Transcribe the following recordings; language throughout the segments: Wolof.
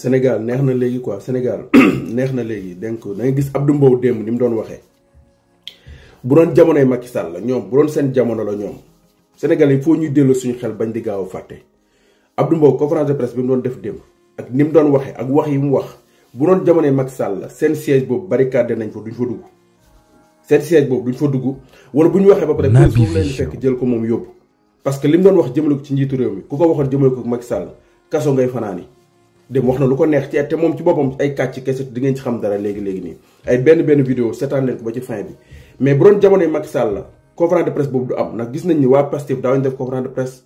Sénégal neex na léegi quoi Sénégal neex na léegi donc da gis Abdou Mbow démb ni mu doon waxee bu doon jamonoy Macky Sall la ñoom bu doon seen jamono la ñoom Sénégal yi foo ñuy delloo suñu xel bañ di gaaw a fàtte Abdou Mbow conférence de doon def démb ni mu doon waxee ak wax yi mu wax bu doon jamonoy Macky Sall la seen siège boobu barricade nañ fa duñ fa dugg seen siège boobu duñ fa dugg wala bu ñu waxee ba pare pour suuf jël ko moom yóbbu parce que li mu doon wax jëmale ko ci njiitu réew mi ku ko waxoon jëmale ko Macky Sall kaso ngay fanaani dem wax na lu ko neex ci te moom ci boppam ay kàcc kese di ngeen ci xam dara léegi léegi nii ay benn benn vidéo seetaan leen ko ba ci fin bi mais bu doon jamonoy Macky la conférence de presse boobu du am ndax gis nañ ni waa Pastef daawuñu def conférence de presse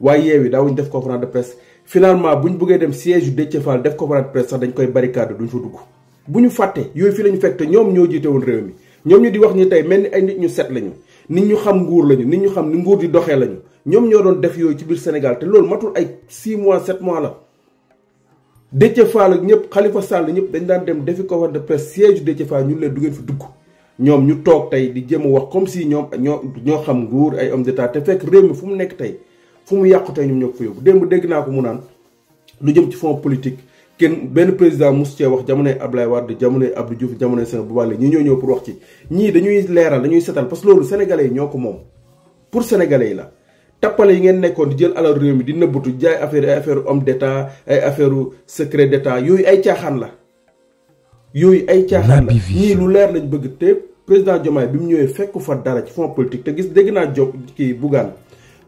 waa Yewwi daawuñu def conférence de presse finalement bu ñu bëggee dem siège yu Déthié Fall def conférence de presse sax dañ koy barricade duñ fa dugg bu ñu fàtte yooyu fii fekk te ñoom ñoo jiite réew mi ñoom ñu di wax ni tey mel ni ay nit ñu set lañu nit ñu xam nguur lañu nit ñu xam ni nguur di doxee lañu ñoom ñoo doon def yooyu ci biir Sénégal te loolu matul ay 6 mois 7 la Déthié Fall ak ñëpp Khalifa Sall ñëpp dañ daan dem defi conférence de presse siège Déthié Fall ñun leen du ngeen fi dugg ñoom ñu toog tey di jéem wax comme si ñoom ñoo ñoo xam nguur ay homme d'état te fekk réew mi fu mu nekk tey fu mu yàqu tey ñoom ñoo ko fa yóbbu démb dégg naa ko mu naan lu jëm ci fond politique kenn benn président mos cee wax jamonoy Ablaye Wade jamonoy Abdou Diouf jamonoy Sénégal bu baax ñi ñoo ñëw pour wax ci ñii dañuy leeral dañuy setal parce que loolu sénégalais ñoo ko moom pour sénégalais yi la. tappale yi ngeen nekkoon di jël alal réew mi di nëbbatu jaay affaire ay affaire homme d'état ay affaire secret d'état yooyu ay caaxaan la. yooyu ay caaxaan la ñii lu leer lañ bëgg te président Diomaye bi mu ñëwee fekku fa dara ci fond politique te gis dégg naa job kii Bougane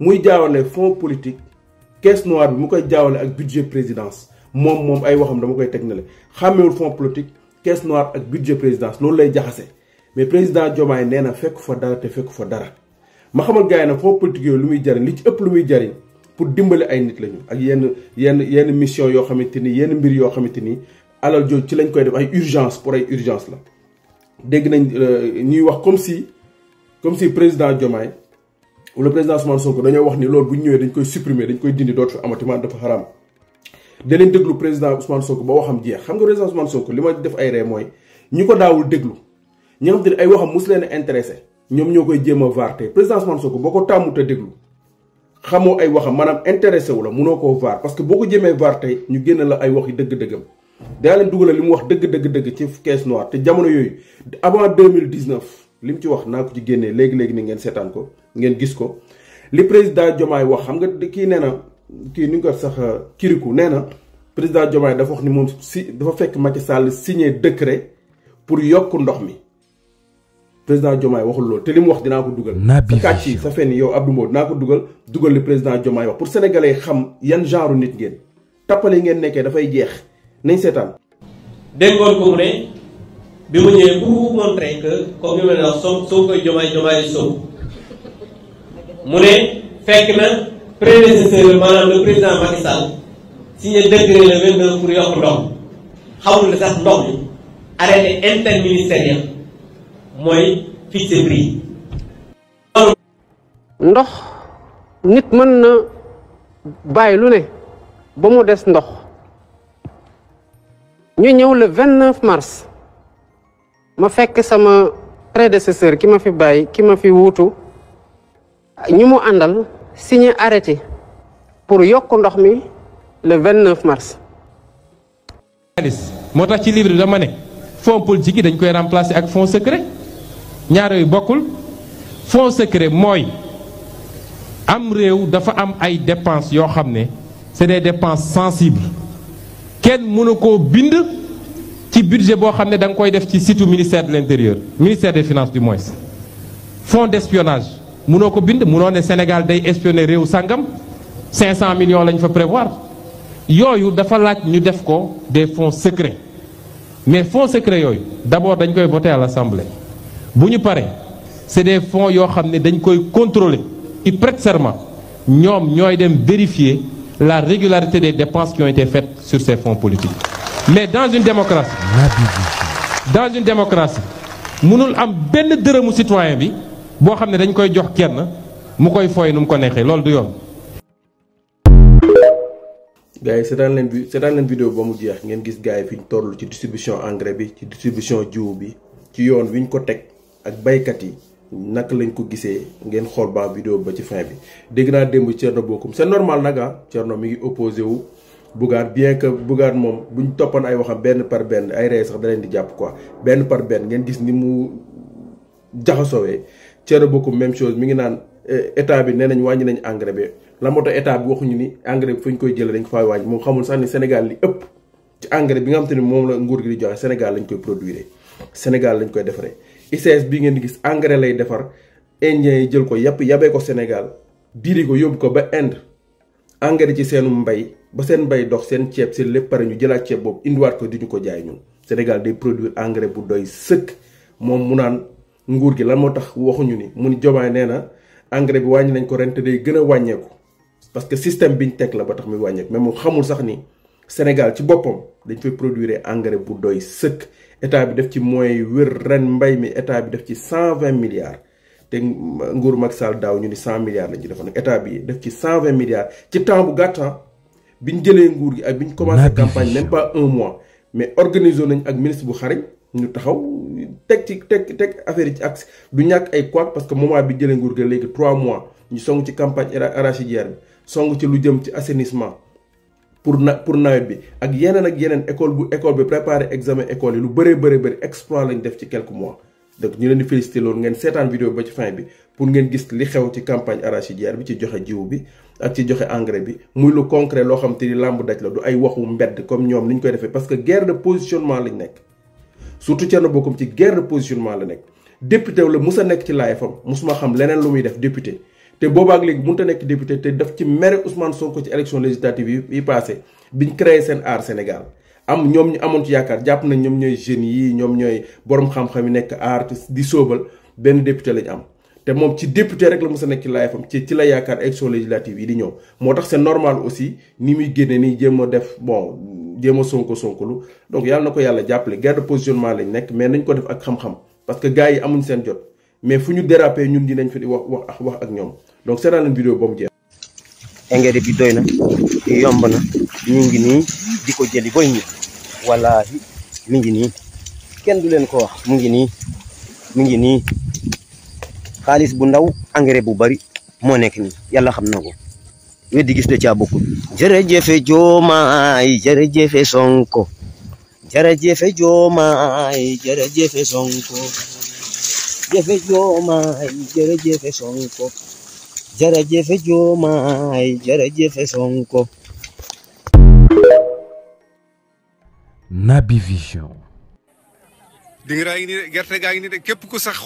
muy jaawale fond politique caisse noire bi mu koy jaawale ak budget présidence moom moom ay waxam dama koy teg na le xàmmewul fonds politique caisse noire ak budget présidence loolu lay jaxase mais président Diomaye nee na fekku fa dara te fekk fa dara. ma xamal gars yi nag foo politique yooyu lu muy jariñ li ci ëpp lu muy jariñ pour dimbali ay nit lañu ak yenn yenn yenn mission yoo xamante ni yenn mbir yoo xamante ni alal jooju ci lañ koy def ay urgence pour ay urgence la dégg nañ euh, ñuy wax comme si comme si président Diomaye wala président Ousmane Sonko dañoo wax ni loolu bu ñu ñëwee dañ koy supprimer dañ koy dindi dootu fi amati maanaam dafa xaraam da leen déglu président Ousmane Sonko ba waxam jeex xam nga président Ousmane Sonko li ma def ay ree mooy ñi ko daawul déglu ñi ay waxam mos leen a ñom ñokoy président de la boko il ay intéressé wu la la parce que boko ko jéemee ñu génn la ay wax yi dëgg da la duggal limu wax dëgg-dëgg-dëgg ci caisse noire té jamono avant 2019 lim ci wax ci ni ngeen ko ngeen gis ko président wax xam nga ki néna ki ni sax kiriku président wax ni fekk décret pour président Diomaye waxul loolu te li mu wax dinaa ko dugal. sa kàcc yi sa fenn yow Abdou Mbow dinaa ko dugal dugal li président Diomaye wax pour sénégalais xam yan genre nit ngeen tappale ngeen nekkee dafay jeex nañ seetaan. déggoon ko mu ne bi mu ñëwee pour vous montrer que comme ni ma leen wax soo soo koy Diomaye Diomaye soo mu ne fekk na prédécesseur maanaam le président Macky Sall signé décret le 22 pour yokk ndox xamul ne sax ndox mi arrêté interministériel. nit man na bay lu ne ba mu dess Nous ñu ñew le 29 mars ma fekk sama prédécesseur ki ma fi bay ki ma fi wutu ñu mu andal signer arrêté pour yok ndox mi le 29 mars alice motax ci livre dama ne fonds politique dañ koy remplacer ak fonds secret ñaar yooyu bokkul fonds secret mooy am réew dafa am ay dépenses yoo xam ne c'est des dépenses sensibles kenn mënu koo bind ci budget boo xam ne da koy def ci site ministère de l'intérieur ministère des finances du moins fonds d'espionnage mënoo ko bind mënoo ne Sénégal day espionner réew sangam 500 millions lañ fa prévoir yooyu dafa laaj ñu def ko des fonds secrets mais fonds secrets yooyu d'abord dañ koy voter à l'Assemblée buñu paré c'est des fonds yo xamné contrôlés. dañ koy contrôler ils prêtent serment ñoy vérifient dem vérifier la régularité des dépenses qui ont été faites sur ces fonds politiques mais dans une démocratie dans une démocratie mënul am ben dërëmu citoyen bi bo xamné dañ koy jox kenn mu koy foy num devons ko nexé lolou du yoon gars yi dans C'est dans vidéo ba mu Nous ngeen gis gars fiñ fi ci distribution engrais bi ci distribution jiw bi ci yoon wiñ ko ak baykat yi naka lañ ko gisee ngeen xool ba vidéo ba ci fin bi dégg naa démb Thierno bokkum c'est normal nag ah Thierno mi ngi wu Bougane bien que Bougane moom buñ toppoon ay waxam benn par benn ay rey sax da leen di jàpp quoi benn par benn ngeen gis ni mu jaxasoowee Thierno Bocoum même chose mi ngi naan eh, état bi nee nañ wàññi nañ engrais la moo tax état bi waxuñu ni engrais fu ñu koy jëlee dañ ko xamul sax ni Sénégal li ëpp bi nga xam ni moom la nguur gi di joxe Sénégal lañ koy produire Sénégal lañ koy defaree. ICS bi ngeen di gis engrais lay defar indien yi jël ko yàpp yabee ko Sénégal diri ko yóbbu ko ba Inde engrais ci seenu mbay ba seen mbay dox seen ceeb seen lépp pare ñu jëlaat ceeb boobu indiwaat ko di ñu ko jaay ñun Sénégal day produir engrais bu doy sëkk moom mu naan nguur gi lan moo tax waxuñu ni mu ni Diomaye nee na engrais bi wàññi nañ ko ren te day gën a wàññeeku parce que système biñ teg la ba tax muy wàññeeku mais mu xamul sax ni Sénégal ci bopom dañ fay produire engrais bu doy seuk état bi def ci moyens yu wér ren mbay mi état bi def ci 120 milliards té ngour Macky Sall daw ñu ni 100 milliards lañ ci nak état bi def ci 120 milliards ci temps bu gàtt ah, bi jëlé ngour gi ak bi commencé campagne même pas un mois mais organisé nañ ak ministre bu xarañ ñu taxaw tek ci tek teg affaire ci axe du ñak ay quoi parce que moment bi jëlé ngour gi légui 3 mois ñu song ci campagne arachidière bi song ci lu jëm ci assainissement pour pour nawet ak ak école école préparer examen école lu quelques mois donc ñu leen di ngeen vidéo ba fin pour ngeen gis li xew ci campagne arachidière bi ci joxe jiw bi ak ci joxe engrais bi muy concret lo xam lamb la du ay comme ñom parce que guerre de positionnement lañ une surtout guerre de positionnement la nek député Musa nek ci musuma xam lu député té boobaak ak mënut a nek député té daf ci mere Ousmane Sonko ci élection législative yi yi passé biñ créé sen aar Sénégal am ñom ñu amon ci yakar japp na ñom ñoy jeune yi ñom ñoy borom xam-xam nek nekk di sobal ben député lañ am. té mom ci député rek la mësa nek nekk ci laayfam ci ci la yakar élection législative yi di ñëw motax c'est normal aussi ni muy génne ni jëmo def bon jëmo sonko sonkolu donc yalla nako yalla jappalé garde positionnement lañ nek mais nañ ko def ak xam-xam parce que gaay yi amuñ sen jot mais fuñu déraper ñun dinañ fi wax wax wax ak ñom donc seetaan nañ vidéo jeex. engrais bi doy na yomb na ñu nii di ko jëli boy ñi wallaahi mi ngi nii kenn du leen ko wax mu ngi nii mu ngi nii xaalis bu ndaw engrais bu bari moo nekk nii yàlla xam na ko. weddi gis da caa bokkul. jërëjëfe Diomaye jërëjëfe Sonko jërëjëfe Diomaye jërëjëfe Sonko jëfe Diomaye jërëjëfe Sonko. jara jefe jomai, jara jefe sonko Nabi Vision di nga ngi ni gerte ga ngi ni de képp ku sax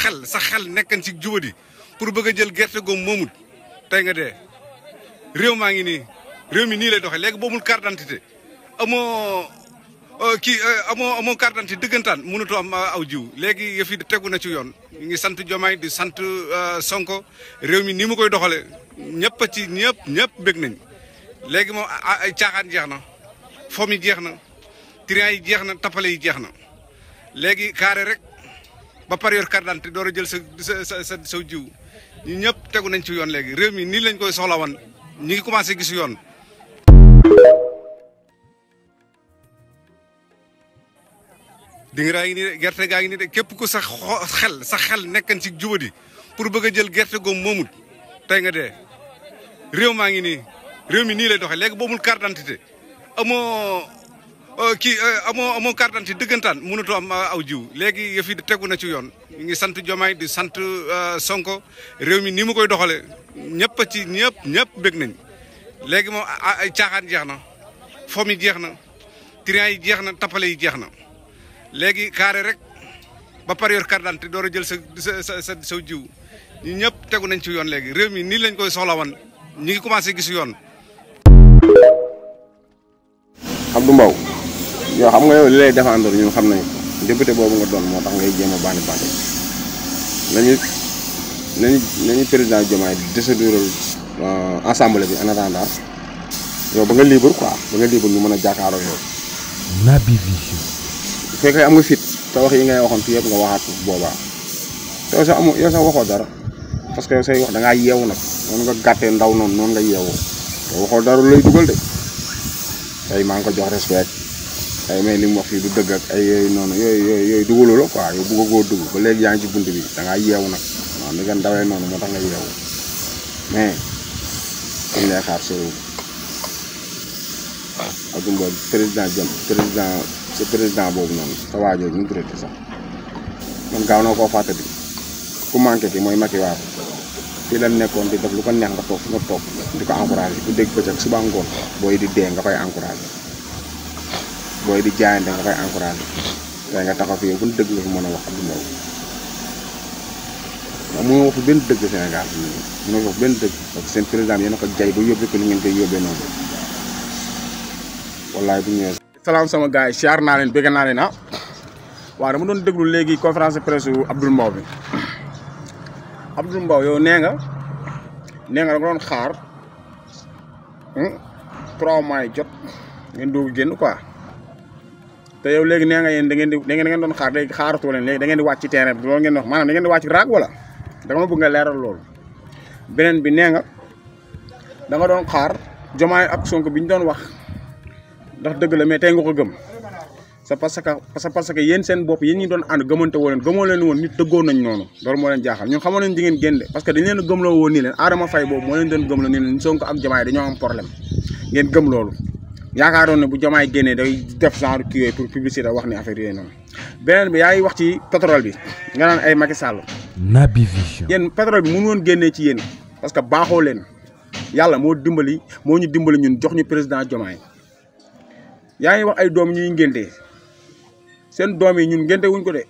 xel sax xel nekkan ci ini, pour bëgg a jël gerte kardan momut tay nga ma ngi ni mi ni lay carte d'identité amo Euh, kii euh, amoo amoo carte d'identité dëggantaan mënutoo am euh, aw jiw léegi yëf yi tegu na ci yoon ñu ngi sant Diomaye di sant Sonko réew mi nii mu koy doxale ñëpp ci ñëpp ñëpp bég nañ léegi moom ay caaxaan jeex na fom yi jeex na trian yi jeex na tappale yi jeex na léegi carré rek ba pare yor carte d'identité door a jël sa sa sa sa jiw ñu ñëpp tegu nañ ci yoon léegi réew mi nii lañ koy soxla woon ñu ngi commencé gis yoon dingiraa ngi nii de gerte gaa ngi nii de képp ku sa xel sax xel nekkan ci jubadi pour bëgg a jël gerte goom moomut tey nga de réew maa ngi nii réew mi nii lay doxee léegi boomul carte d'identité amoo euh, kii euh, amoo amoo carte d'identité dëggantaan mënatoo am euh, aw jiw léegi yëf yi tegu na ci yoon ngi sant Diomaye di sant Sonko réew mi nii mu koy doxale ñëpp a ci ñëpp ñëpp bég nañ léegi moom caaxaan jeex na fomm yi jeex na trian yi jeex na tappale yi jeex na léegi carré rek ba par yor carte d'identité door jël sa sa sa sa ñi ñu ñëpp tegu nañ ci yoon léegi réew mi ni lañ koy soxla woon ñu ngi commencé gis yoon. Abdou mbaw yo xam nga yow li lay défendre ñu xam nañ député bobu nga doon motax ngay jëma bani bani lañu lañu lañu président jomay décédure euh assemblée bi en attendant yo ba nga libre quoi ba nga libre ñu mëna a yo nabi Vision fekk rek amul fit te wax yi ngay waxoon fi yëpp nga waxaat ko boobaa te yow sax amoo yow sa waxoo dara parce que yow say wax da ngaa yeewu nag noonu nga gàttee ndaw noonu noonu nga yeewoo te waxoo dara lay dugal de tey maa ngi ko jox respect tey may li mu wax fii du dëgg ak ay yooyu noonu yooyu yooyu yooyu dugalu la quoi yow bëggagoo dugg ba léegi yaa ngi ci bunt bi da ngaa yeewu nag waaw ni nga ndawee noonu moo tax nga yeewu mais dañ lay xaar sa réew ak président Jom président. sa président boobu noonu sa waa jooju mu traité sax man gaaw na koo fàttali ku manqué ki mooy Macky Waaw fii la nekkoon di def lu ko neex nga toog fi nga toog di ko encouragé ku dégg bëccëg ngoon booy di dee nga koy encouragé booy di jaayante nga koy encouragé taxaw fi yow bu dëgg nga fi a wax mu waaw wax benn dëgg Sénégal mënoo wax benn dëgg parce que seen président yéen a ko jaay ba yóbbee ko ni ngeen koy yóbbee noonu wallaay bu ñëwee salaam sama gars yi siyaar naa leen bëgg naa leen ah waaw dama doon déglu léegi conférence de presse wu Abdoul Mbow bi Abdoul Mbow yow nee nga nee nga doon xaar hmm, trois mois yi jot ngeen doog génn quoi te yow léegi nee nga yéen da ngeen di da ngeen doon xaar léegi xaaratoo leen léegi da ngeen di wàcc ci terrain bi loolu ngeen wax maanaam da ngeen da nga bëgg nga leeral loolu beneen bi nee nga da doon xaar jomaay ak Sonko bi ñu doon wax. ndax deug la mais tay nga ko gëm sa parce que parce que yeen seen bop yeen ñi doon and gëmonté woon gëmo leen woon nit deggo nañ nonu loolu mo leen jaaxal ñun xamone nañ di ngeen génn parce que dañ leen a gëmloo woon ni leen Adama fay bop mo leen doon gëmloo ni leen Sonko ak jamaay dañu am problème ngeen gëm lolu yaakaaron ne bu jamaay gënne day def genre QA pour publicité wax ni affaire yeen noonu beneen bi yaay wax ci pétrole bi nga naan ay Macky Sall Nabi Vision yeen pétrole bi mu woon gënne ci yeen parce que baaxoo leen yalla mo dimbali mo ñu dimbali ñun jox ñu président Diomaye yaa ngi wax ay doom ñuy ngénte seen doom yi ñun ngénte wuñ ko de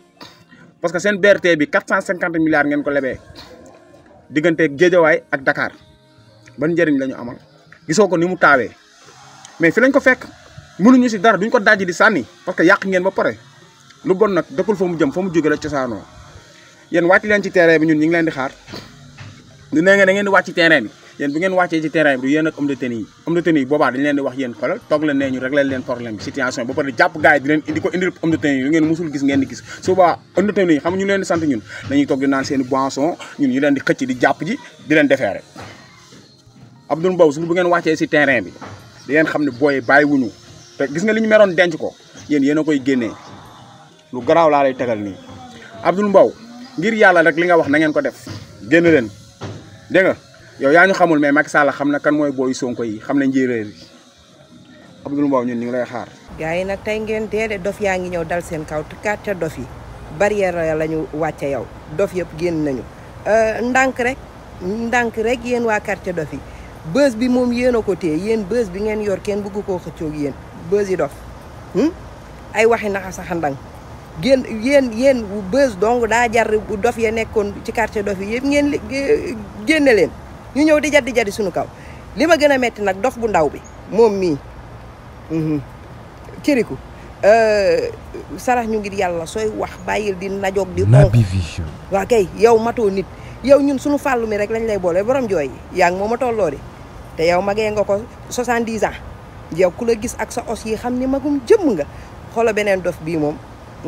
parce que seen BRT bi quatre cent cinquante milliards ngeen ko lebee diggante Géejawaay ak dakaar ban njëriñ lañu ñu amal gisoo ko ni mu taawee mais fi lañ ko fekk mënuñu si dara duñ ko dajji di sànni parce que yàq ngeen ba pare lu bon nag dëkkul fa mu jëm fa mu jóge la cosaanoo yéen wàcc leen ci terrain bi ñun ñu ngi leen di xaar ñu ne ngeen da ngeen di wàcc terrain bi yéen bu ngeen wàccee ci terrain bi du yéen ak homme de tenue yi homme boobaa dañu leen di wax yéen xoolal toog leen ne ñu réglé leen problème bi situation ba pare jàpp gars yi di leen di ko indil homme de tenue yi lu ngeen musul gis ngeen di gis su boobaa homme de tenue leen di sant ñun dañuy leen di xëcc di Mbow suñu bu ngeen wàccee si terrain bi di ngeen xam ne booy bàyyi wuñu ñu gis nga li ñu meroon denc ko yéen yéen a koy génnee lu garaaw laa lay tegal nii Abdou Mbow ngir yàlla rek li nga wax na ngeen ko def génn leen yow yaa ñu xamul mais Macky Sall xam na kan mooy booyu Sonko yi xam nañ njéeréer yi Abdoul Mbow ñun ñu ngi lay xaar. gars yi nag tey ngeen dee dof yaa ngi ñëw dal seen kaw te dof yi barrière la ñu wàcce yow dof yëpp génn nañu euh, ndànk rek ndànk rek yéen waa quartier dof yi bës bi moom yéen a ko téye yéen bës bi ngeen yor kenn bëgg koo xëccoog yéen bës yi dof hmm? ay waxi naxa saxandang génn yéen yéen bës dong daa jar dof ya nekkoon ci quartier dof yi yëpp ngeen génne leen ñu ñëw di di jaddi suñu kaw lima gëna metti nak dof bu ndaw bi hmm, mii mhm. kiriku euh, sarax ñu ngir yalla soy wax bayil di najok di Naby Vision waa kay yow mato nit yow ñun suñu fallu mi rek lañ lay bolé borom joy yi yaa ngi mooma te yow magé nga ko 70 ans yow ku la gis ak sa os yi xamni magum jëm nga xolo benen dof bi mom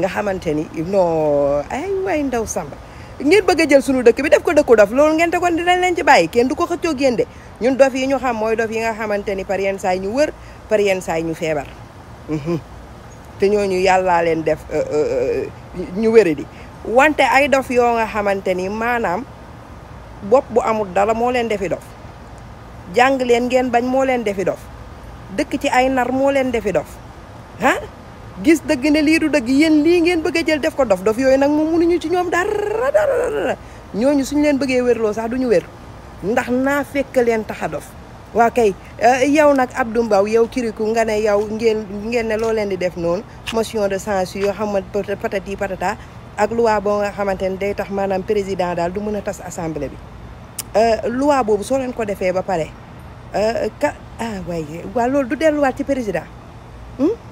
nga xamanteni no ay way ndaw samba ngeen bëgg jël suñu dëkk bi def ko dëkku dof loolu ngeen te dinañ leen ci bàyyi kenn du ko xëccoog yéen de ñun dof yi ñu xam mooy dof yi nga xamante ni par yenn saay ñu wër par yenn saay ñu feebar mhm. te ñooñu yàllaa leen def euh, euh, euh, ñu wéri di wante ay dof yoo nga xamante ni maanaam bopp bu amul dara moo leen defi dof jàng leen ngeen bañ moo leen defi dof dëkk ci ay nar moo leen defi dof ah gis dëgg ne lii du dëgg yéen lii ngeen bëgg jël def ko dof dof yooyu nag moom ñu ci ñoom dara ñooñu suñu leen bëggee wérloo sax duñu wér ndax naa fekk leen tax dof waa kay eh, yow nag Abdou Mbaw yow kiriku nga ne yow ngeen ngeen ne loo leen di def noonu motion de censure yoo xam ne patati patata ak loi boo nga xamante ne day tax maanaam président daal du mën a tas assemblée bi eh, loi boobu soo leen ko defee ba pare eh, ka ah waaye waa loolu du delluwaat ci président hmm?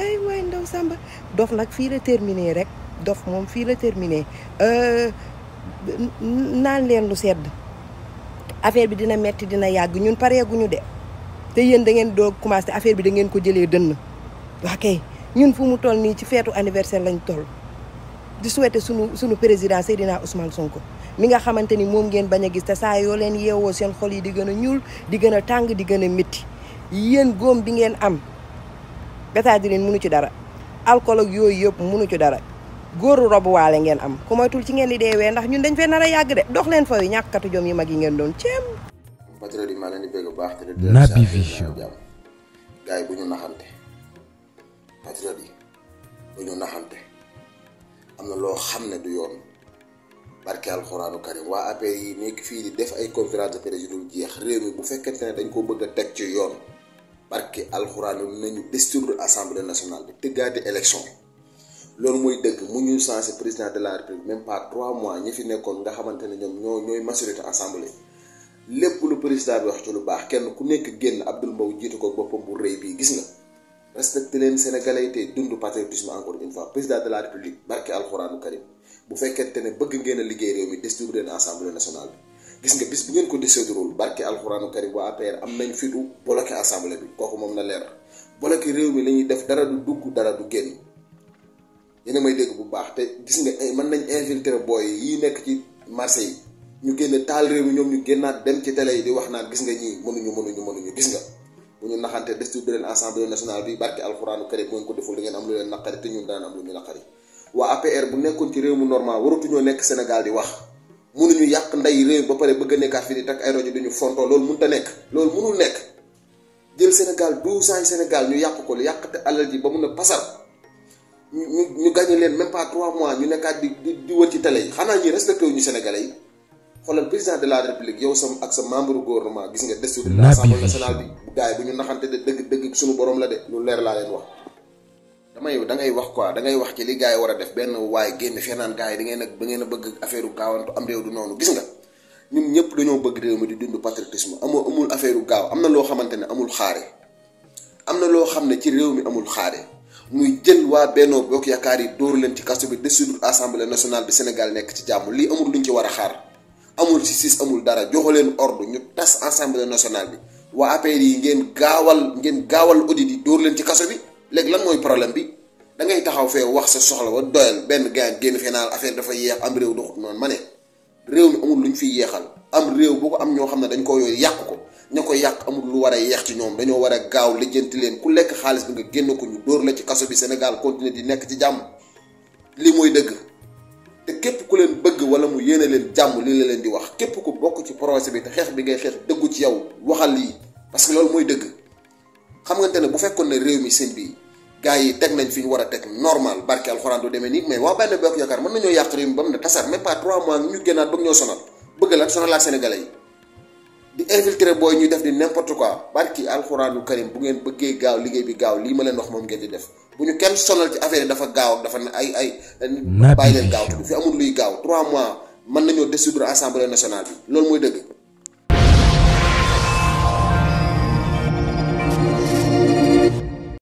ay waay ndaw Samba dof nak fi la terminé rek dof mom fi la terminé euh, nan len lu sedd affaire bi dina metti dina yag ñun pareeguñu de te yeen da ngeen do commencé affaire bi da ngeen ko jëlé deun ñun fu mu toll ni ci anniversaire lañ toll di souhaité sunu sunu président Seydina Ousmane Sonko mi nga xamanteni ni ngeen baña gis te sa yo len yeewoo seen xol yi di gëna ñul di gëna tang di gëna metti yeen gom bi ngeen am betadine munu ci dara alcool ak yoy yëpp munu ci dara góoru robu walé ngén am ku moy tul ci ngén di deewee ndax ñun dañ fé nara yag dé dox leen fayu ñàkkatu jom yi mag yi ngeen doon ceem patriote yi maa leen di bëgg baax te nabi vision gaay buñu naxanté naxante patriote yi bu ñu naxante am du yoon barké alcorane karim wa APR yi nek fi di def ay conférence de presse yu jeex réew mi bu fekkente ne dañ ko bëgg tek ci yoon barke alxuraan yi nañu destituer assemblée nationale bi tëggaati élection loolu mooy dëgg mu ñu censé président de la république même pas trois mois ñi fi nekkoon nga xamante ne ñoom ñoo ñooy majorité assemblée lépp lu président bi wax ci lu baax kenn ku nekk génn Abdoul Mbow jiitu ko boppam bu rëy bii gis nga respecté leen sénégalais te dund patriotisme encore une fois président de la république barke alxuraanu karim bu fekkente ne bëgg ngeen a liggéey réew mi destituer leen assemblée nationale bi gis nga bis bu ngeen ko décédéwul barke alxuraanu karim waa APR am nañ fitu bloqué assemblée bi kooku moom na leer bloqué réew mi la ñuy def dara du dugg dara du génn yéen a may dégg bu baax te gis nga eh, mën nañ infiltrer booy yi nekk ci marché yi ñu génn taal réew mi ñoom ñu génnaat dem ci télé yi di wax naan gis nga ñii mënuñu mënuñu mënuñu gis nga bu ñu naxante destitué leen assemblée nationale bi barke alxuraanu karim bu ngeen ko deful da ngeen am nekkoon ci réew mu normal waratuñoo nekk Sénégal di wax ñu yàq ndey réew ba pare bëgg a nekkaat fi di takk ay rajo duñu fontoo loolu mënut a nekk loolu mënul nekk jël Sénégal douze ans yi Sénégal ñu yàq ko lu yàq te alal ji ba mun a pasar ñu ñu ñu leen même pas trois mois ñu nekkaat di di di wër ci télé yi xanaa ñi respecté wu ñu Sénégalais yi xoolal président de la république yow sam ak sa membre gouvernement gis nga. naaf yi de l'Assemblée nationale bi. gars bu ñu naxante de dëgg dëgg suñu borom la de. lu leer laa leen wax. dama yow da ngay wax quoi da ngay wax ci li gaay yi war a def benn waaye génn fee naan gaay yi da ngeen a da ngeen a bëgg affaire gaawantu am réew du noonu gis nga ñun ñëpp dañoo bëgg réew mi di dund patriotisme amul amul affaire gaaw am na loo xamante ne amul xaare am na loo xam ne ci réew mi amul xaare muy jël waa bennoo bokk yaakaar yi dóor leen ci kaso bi dissoudre assemblée nationale bi Sénégal nekk ci jàmm lii amul luñ ci war xaar amul ci amul dara joxo leen ordre ñu tas assemblée nationale bi waa APR yi ngeen gaawal ngeen gaawal audit yi dóor leen ci kaso bi léegi lan mooy problème bi da ngay taxaw fee wax sa soxla wa doyal benn gars génn fenaan naan affaire dafa yéex am réew doxut noonu ma ne réew mi amul lu ñu fiy yéexal am réew bu ko am ñoo xam ne dañ ko yooyu yàq ko ña ko yàq amul lu war a yeex ci ñoom dañoo war a gaaw lijjanti leen ku lekk xaalis bi nga génn ñu dóor la ci kaso bi Sénégal continuer di nekk ci jàmm lii mooy dëgg te képp ku leen bëgg wala mu yéene leen jàmm lii la leen di wax képp ku bokk ci projet bi te xeex bi ngay xeex dëggu ci yow waxal lii parce que loolu mooy dëgg xam nga ne bu fekkoon ne réew mi seen bii gars yi teg nañ fi ñu war a teg normal barke alxuraan du demee nii mais waa benn bokk yaakaar mën nañoo yàq réew mi ba mu ne tasar même pas trois mois ñu génnaat bëgg ñoo sonal bëgg la sonal ak sénégalais yi di infiltrer booy ñuy def di n'importe quoi barki alxuraanu karim bu ngeen bëggee gaaw liggéey bi gaaw lii ma leen wax moom ngeen di def bu ñu kenn sonal ci affaire yi dafa gaaw dafa ne ay ay bàyyi leen gaaw fi amul luy gaaw trois mois mën nañoo dissoudre assemblée nationale bi loolu mooy dëgg